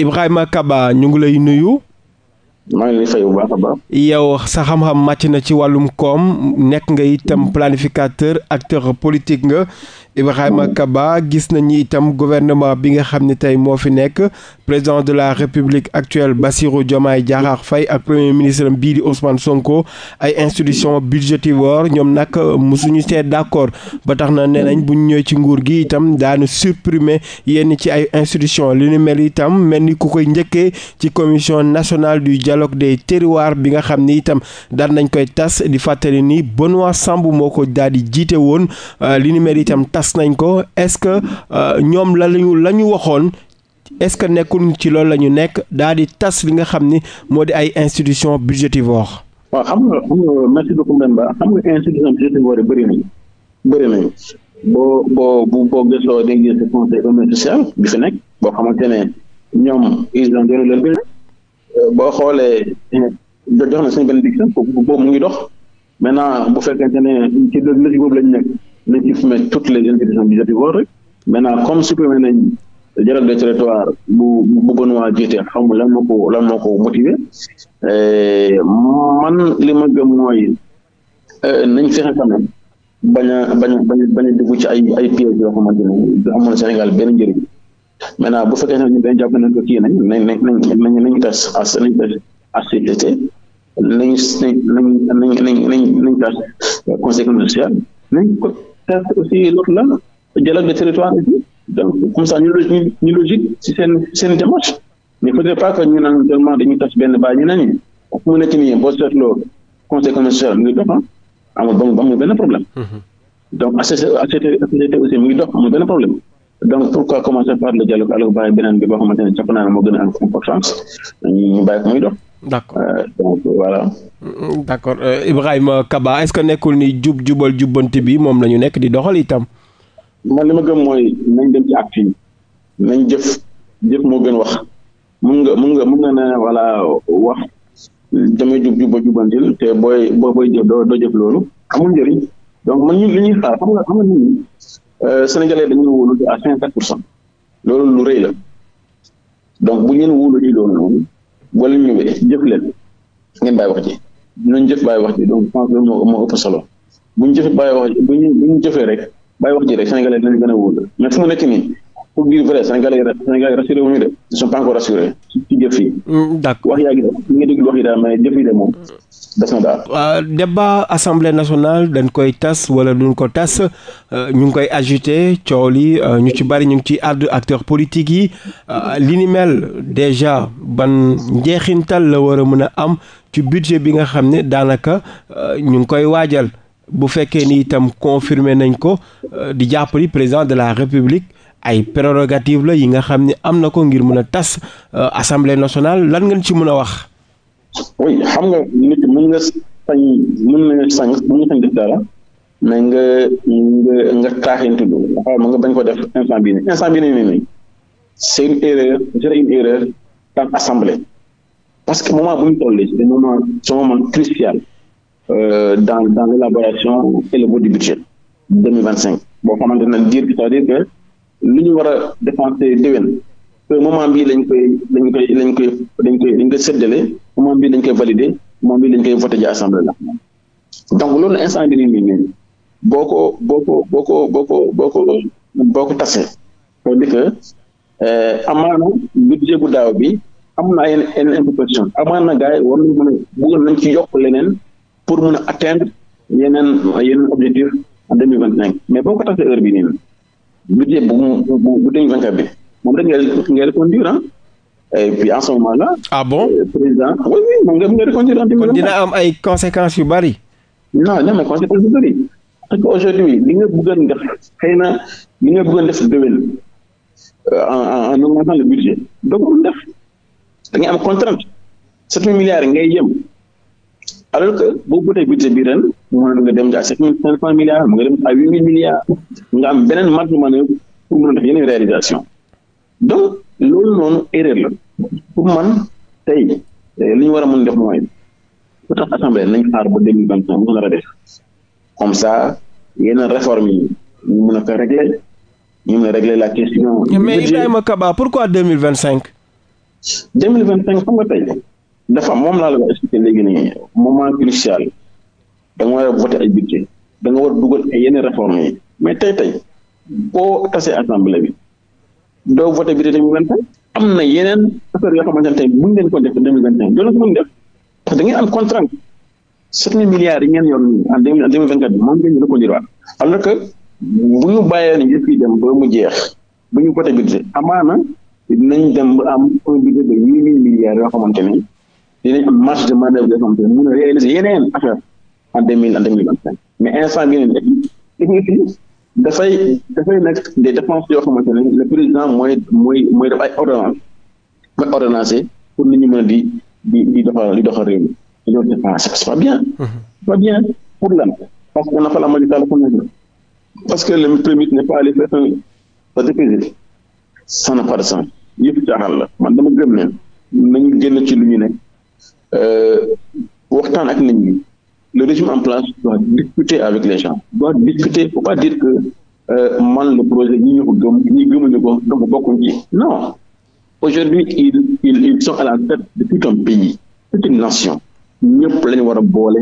Ibrahima Kaba ñu ngi lay nuyu maa ngi lay sa xam-xam màcc na ci wàllum koom nekk nga itam planificateur acteur politique nga Ibrahima ba gis nañu itam gouvernement bi nga xam ne tey moo fi nekk président de la république actuelle Bassirou Diomaye Diakhar fay ak premier ministre bii di Ousmane Sonko ay institutions budgétivores ñoom nag mosuñu see d'accord ba tax na nee nañ bu ñëwee ci nguur gi itam daanu supprimer yenn ci ay institutions li ñu mel itam mel ni ku koy njëkkee ci commission nationale du dialogue des terroirs bi nga xam ni itam daal nañ koy tas di fàttali ni Benoît Sambou moo ko daal di jiite woon euh, li ni mel itam tas nañ ko est-ce que euh, ñoom la ñu la waxoon est-ce que nekkul ci lool la ñu nekk daal di tas li nga xam ni moo di ay institution budgétivore waaw xam nga xam nga merci beaucoup Mbemba bëri nañu boo boo bu boo gëstoo dégg nekk boo xamante ne ñoom boo xoolee eh, jox na suñu bénédiction boobu mu ngi dox maintenant bu fekkente ne ci la boobu lañ nekk nañ ci fumer toutes les institutions du Djibouti rek maintenant comme supprimé nañ dialogue des territoires bu bu Benoît jiite xamul lan moo ko lan moo ko motivé eh, man li ma gëm mooy eh, nañ fexe quand même bañ a bañ a bañ a dugg ci ay ay pièges yoo xamante ne du Sénégal benn njëriñ. maintenant bu fekkee ne ñu dañ jàpp ne ko kii nañ nañ nañ nañ nañ tas as nañ tas ACCT nañ nañ nañ nañ nañ tas conséquence sociale nañ ko tas aussi l'autre là dialogue de territoire aussi donc comme ça ñu logique si seen seen démarche mais peut-être pas que ñu naan seulement tas benn baa ñu nañu fu mu nekk nii boo seetloo conseil commercial mu ngi dox amul ba mu benn problème donc ACCT ACCT aussi mu ngi dox amul benn problème donc pourquoi commencer par le dialogue alors bàyyi beneen bi boo xamante ne jàpp naa ne moo gën a am importance ñu bàyyi ko muy euh, voilà. accord euh, Ibrahima Kaba est ce que jub jubal jubbanti bi moom la ñu nekk di doxal itam. man li ma gëm mooy nañ dem ci acte yi nañ jëf jëf moo gën wax mun nga mun nga mun nga ne wax damay jub jubal jubbantil te booy boo booy jëf doo jëf loolu amul njëriñ donc man ñu li ñuy xam nga xam nga Euh, sénégalais dañu wóolu à cinquante pour cent loolu lu rëy la donc bu ngeen wóolu ñu loolu noonu wala ñëwee jëf leen ngeen bàyyi wax ji nañ jëf bàyyi wax ji donc je pense moo moo ëpp solo bu ñu jëfee bàyyi wax ji bu ñu bu ñu jëfee rek bàyyi wax ji rek sénégalais dinañ gën a wóolu mais fu mu nekk nii pour dire vrai Sénégal yi Sénégal yi rassuré wu ñu de ils sont mm, euh, assemblée nationale dañ koy tas wala duñ ko tas euh, ñu ngi koy agité coow li euh, ñu ci bari ñu ngi ci àddu acteurs politiques yi li ni déjà ban njeexintal la war a mën a am ci budget bi nga xam ne daanaka ñu ngi koy waajal bu fekkee ni itam confirmé nañ ko di jàppali président de la république. ay prérogative la yi nga xam ne am na ko ngir mën a tas euh, assemblée nationale lan ngeen ci mën a wax. oui xam nga nit mën nga sañ mën nga sañ mën nga sañ mais nga nga nga taaxintu lu xaw ma nga bañ ko def instant bii nii instant bii nii c'est une erreur c'est assemblée parce que moment bu ñu tollee c'est moment c'est euh, dans dans l'élaboration et le vote du budget deux mille boo xamante ne dire que ça veut que lu ñu war a dépensé déwén moment bii lañ koy lañ koy lañ koy dañ koy dañ koy séddale moment bii lañ koy validé moment bii lañ koy voté ji assemblée nationale donc loolu instant bi nii nii boo ko boo ko boo ko boo ko boo ko boo ko tasee que euh, amaana budget bu daaw bi am na ay yenn imperfection amaana gars yi war nañ mën a bëggoon nañ ci yokk leneen pour mën a atteindre yeneen yeneen objectif en deux vingt cinq mais boo ko tasee heure bi nii budget bu bu bu deux moom rek ngay ngay reconduire ah. et puis en ah bon euh, président oui oui moom nga reconduire en deux mille dina am ay conséquences yu bari. non dina am ay conséquences yu bari parce que aujourd'hui li nga bëggoon def xëy na li nga bëggoon def déwén euh, en en augmentant le budget ngay am contrainte sept mille milliards ngay yem alors que boo bëtee ren. mu mën a nga dem ci à sept mille cinq milliards mu nga dem à huit mille milliards nga am beneen marge de manœuvre pour mën a def donc loolu noonu erreur la pour man tey li ñu war a mën def mooy lu tax assemblée nañ xaar ba deux mille vingt cinq mu nar a def comme ça yenn réforme yi ñu mën a ko régler ñu mën a régler la question. mais Ibrahima Kaba pourquoi deux mille vingt cinq. deux mille vingt cinq xam nga tey dafa moom la ko expliqué da nga war a voté ay budget da nga war a dugal ay yeneen réforme yi mais tey tey boo tasee assemblée bi doo voté budget deux mille vingt am na yeneen affaire yoo xamante ne tey bu ngeen ko def deux mille vingt cinq doo am contrainte sept mille milliards yi ngeen yor en deux mille vingt quatre bi moom ngeen reconduire waat alors que bu ñu dem ba mu jeex bu ñu voté budget amaana dinañ dem ba am un budget de yoo xamante ne am a réaliser yeneen affaire en deux mille en deux mais instant bi ne technique dafay dafay nekk des dépenses yoo xamante président mooy mooy mooy def ay ordonnance mooy ordonnancé pour nit ñi mën a di di di doxal di doxal réew mi loolu c'est pas c'est pas bien c'est pas bien pour lan parce qu'on n'a pas la majorité à l'Assemblée parce que le premier ministre n'est pas allé faire sa dépêche ça n'a pas de sens yëpp caaxaan la man dama gëm ne nañu génn ci lu ñu nekk euh, waxtaan ak nit le régime en place doit discuter avec les gens doit discuter faut pas dire que euh, man le projet ñi ñu ko gëm ñi gëmuñu ko donc bokkuñ ci non aujourd'hui ils ils ils sont à tête de tout un pays toute une nation ñëpp la war a boole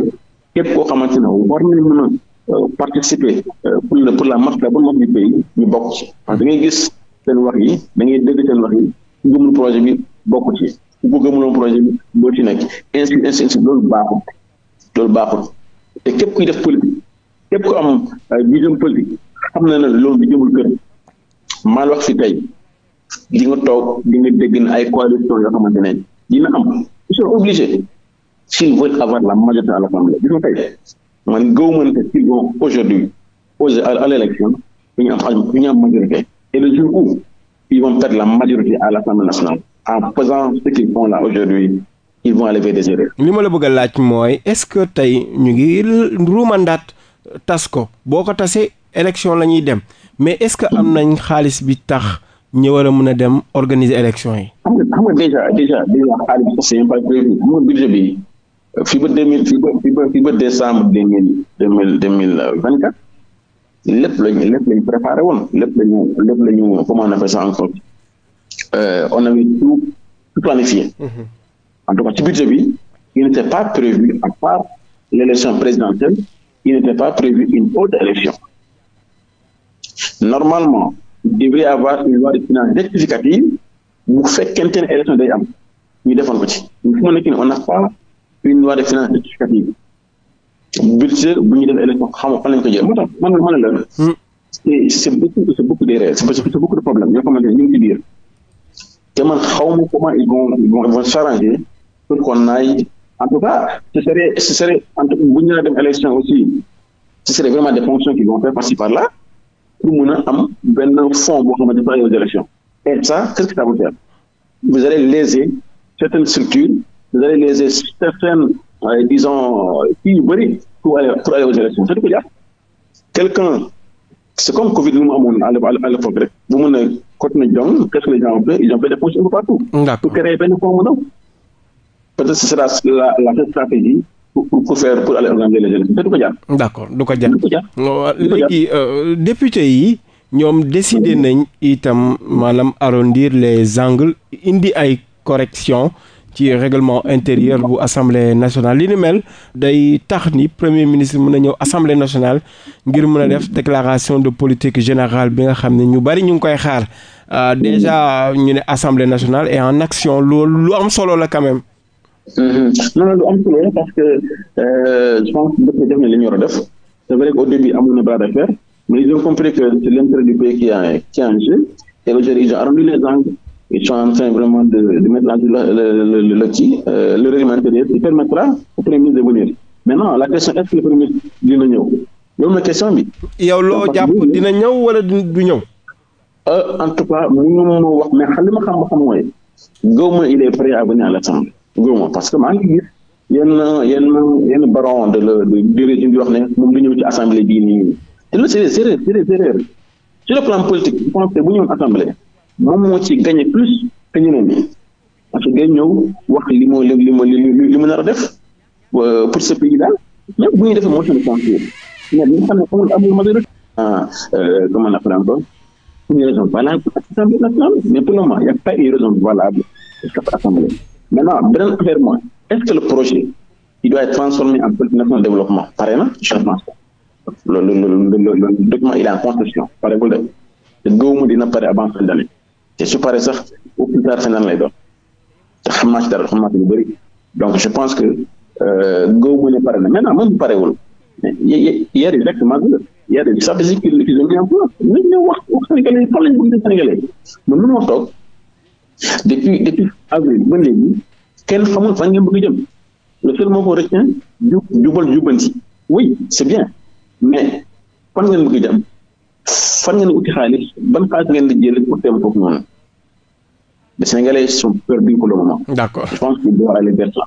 képp koo xamante ne war nañ mën a euh, participer euh, pour pour la marche la bonne marche pays ñu bokk ci parce que da ngay gis seen wax yi da ngay dégg seen wax yi ku bokk ci ku ko gëmuloon projet bi doo ci nekk ainsi ainsi ainsi loolu baaxul loolu baaxul te képp kuy def politique képp ku am vision euh, politique xam na ne loolu du jëmul kër maal wax fi tey di nga toog di nga dégg na ay coalition yoo xamante ne dina am ils sont obligés s'ils veulent avoir la majorité à l'Assemblée gis nga tey man gëw te s'ils vont aujourd'hui aujourd'hui à l'élection duñu am duñu am majorité et le jour où ils vont perdre la majorité à l'Assemblée nationale en faisant ce font là aujourd'hui ils vont li ma la bëgg a laaj mooy est-ce que tey ñu ngi ruumandaat tas ko boo ko tasee élection la ñuy dem mais est-ce que am nañ xaalis bi tax ñu a mën a dem organise élection yi. xam nga déjà déjà déjà xaalis bi c'est pas prévu bi fii ba deux mille fii ba fii ba fii ba décembre deux mille quatre lépp lañu lépp lañu préparé woon lépp lañu lépp lañu comment on appelle ça encore euh, on avait tout tout planifié. mm en tout cas ci budget bi il n'était pas prévu à part l'élection présidentielle il n'était pas prévu une autre élection normalement il devrait avoir une loi de finances rectificative mu fekkente ne élection day am ñu defoon ko ci fu mu nekk nii on n'a pas une loi de finances rectificative budget bu ñu def élection xamoo fan lañ ko jël tax man man la hmm. c'est c'est beaucoup c'est beaucoup c'est beaucoup de problèmes yoo xamante a ñu ngi ci biir te man xaw ma comment ils vont ils vont s'arranger pour qu'on aille. En tout cas, ce serait, ce dem élection aussi ce serait vraiment des fonctions qui vont faire par-ci par-là pour mën a am benn fond boo xamante par aux élections et ça qu'est-ce que ça veut dire vous euh, yu bëri pour aller pour aller aux élections c'est tout quelqu'un c'est comme Covid bi mu amoon à l'époque rek bu mën a continuer jom qu'est-ce les gens ont fait ils des fonctions partout. pour créer benn fond mu peut-être ce du ko jaar. accord du ko jaar du ko léegi euh, député yi ñoom décidé nañ itam maanaam arrondir les angles indi ay correction ci règlement intérieur bu assemblée nationale li ni mel day tax ni premier ministre mun a ñëw assemblée national ngir mun a def déclaration de politique générale bi nga xam ne ñu bari ñu ngi koy xaar euh, déjà ñu ne assemblée national et en action lu am solo la quand Mhm. non lu am solo parce que euh, je pense que dëkk def na li def c'est vrai que au début na bras de fer mais ils ont compris que c'est pays qui est qui est en jeu le le le kii euh, le règlement permettra au premier de venir maintenant la question est-ce que le premier dina ñëw loolu mooy question bi. yow loo jàpp dina ñëw wala du ñëw. Euh, en tout cas mu ngi ma wax mais xam li ma xam ma xam mooy gëw ma il est prêt à venir à l'Assemblée gëwuma parce que maa ngi gis yenn yenn yenn baron de la du régime bi wax ne moom du ñëw ci assemblée bii nii te loolu c'est erreur c'est erreur sur le plan politique je pense que bu ñëwoon assemblée ci gagné plus que ñeneen parce que day ñëw wax li mu li mu li mu def euh, pour ce pays daal même bu ñuy defee motion de censure mais bi nga xam ne amul amul ma ah euh, comment on appelle encore une raison valable pour nationale mais pour le moment il n'y a une raison valable pour assemblée mais maintenant beneen affaire mooy est-ce que le projet il doit être transformé en politique nationale de développement pare na changement le le le le document il est en construction paregul de te gëwuma dina pare avant fin d'année te su pare sax au plus tard fin d'année lay doon te xam naa ci na xam naa ci lu bëri donc je pense que euh, gëwuma ne pare na maintenant moom parewul mais hier yi rek maa hier yi sax des fois ils ont mis en place nañ ne wax wax sénégalais yi fan lañ bëgg sénégalais yi mais mënoo toog. depuis depuis avril ba léegi kenn xamul fan ngeen bëgg jëm le seul mot qu'on retient jub jubal jubanti oui c'est bien mais fan ngeen bëgg jëm fan ngeen uti xaalis ban xaalis ngeen di jëlee pour teem foofu noonu les Sénégalais sont perdus pour le moment. d'accord je pense qu'il doit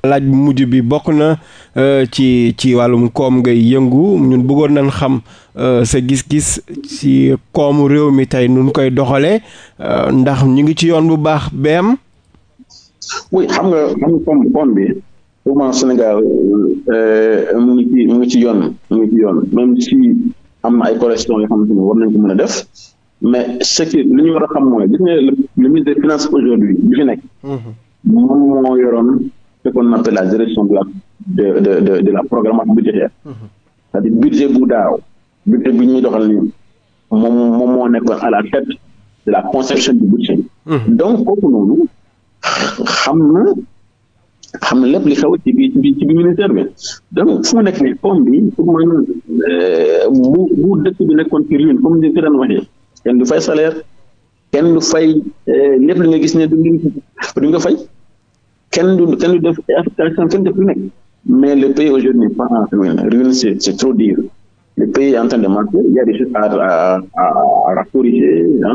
laaj bu mujj bi bokk na euh, ci ci wàllum koom ngay yëngu ñun bëggoon nañ xam euh, sa gis-gis ci koomu réew mi tey nun koy doxalee euh, ndax ñu ngi ci yoon bu baax beem. oui xam nga xam nga koom bi pour moi Sénégal mu ngi ci yoon mu ngi ci yoon même si am na ay correction yoo xam ni war nañ ko mën a def. mais ce qui li ñu war a xam mooy gis nga le ministre des finances aujourd'hui bi fi nekk. moom moo yoroon ce qu'on appelle la direction de la de de de, la programmation budgétaire. cest budget bu daaw budget bu ñu doxal nii moom moom moo nekkoon à la tête de la conception du budget. donc kooku noonu xam na xam na lépp li xew ci bi ci bi ministère bi donc fu nekk nii comme bi pour man euh, bu bu bi nekkoon ci ruine comme ni ñu ko daan waxee. kenn du fay salaire kenn du fay eh, le li nga gis ne du nga fay kenn du kenn du def affectation kenn def lu nekk mais le pays aujourd'hui n'est pas en ruine ruine c'est trop dire a des choses à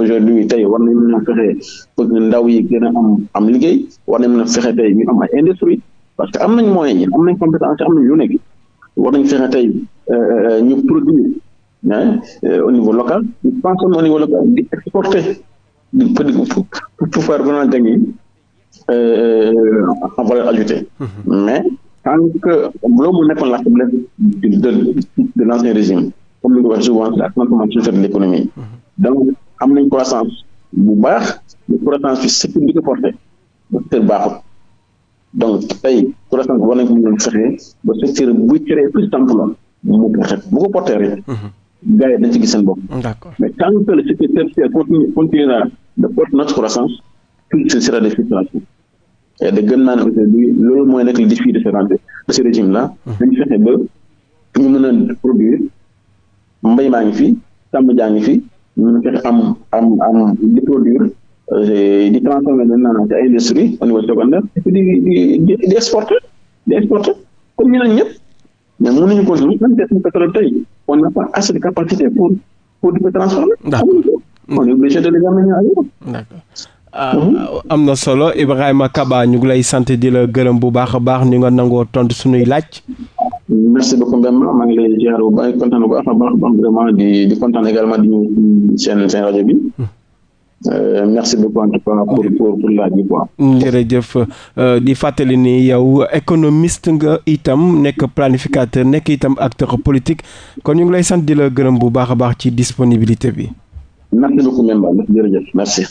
aujourd'hui tey war nañ mën a fexe pour que ndaw yi gën a am am liggéey war nañ mën a fexe tey ñu am ay industrie parce que am nañ moyens yi am nañ compétence am nañ lu nekk war nañ fexe tey euh, euh, ñu produire hein, euh, au niveau local, ils consomment au niveau local, ils exportent pour, pour, pour, euh, en valeur ajoutée. Mm-hmm. Mais tant que l'homme n'est pas la faiblesse de, de, de l'ancien régime, comme le a souvent, la transformation de l'économie. Mmh. Donc, amener une croissance bu baax croissance bi secteur bi ko porté secteur baaxul donc tey croissance war nañ ko mën a fexe ba secteur buy créé plus d'emploi mu porté rek mm-hmm. gars yi dañ ci gis seen bopp. d'accord mais tant que le secteur tertiaire continue continuera de porter notre croissance tout ce sera des frustrations et de gëm naa ne aujourd'hui loolu mooy nekk di défi de ce rentrée de ce régime là. dañu fexe ba ñu mën a produire mbay maa ngi fi sàmm jaa ngi fi ñu fexe am am am di produire. Euh, di transformé maintenant ci ay industrie au niveau secondaire et puis di di di di exporter comme ñu naan ñëpp mais mënuñu continuer même des pétrole tey on pour pour di ko transformer. d'accord on mhm. ah, am na solo Ibrahima kabaa ñu ngi lay sant di la gërëm bu baax a baax ni nga nangoo tontu suñuy laaj. merci beaucoup Mbemba maa ngi lay ziar bu baax kontaan bu baax di di également di seen seen rajo bi. Hmm. Euh, merci beaucoup en tout cas pour pour pour laaj bi jërëjëf euh, di fàttali ni yow économiste nga itam nekk planificateur nekk itam acteur politique kon ñu ngi lay sant di la gërëm bu baax a baax ci disponibilité bi. merci beaucoup Mbemba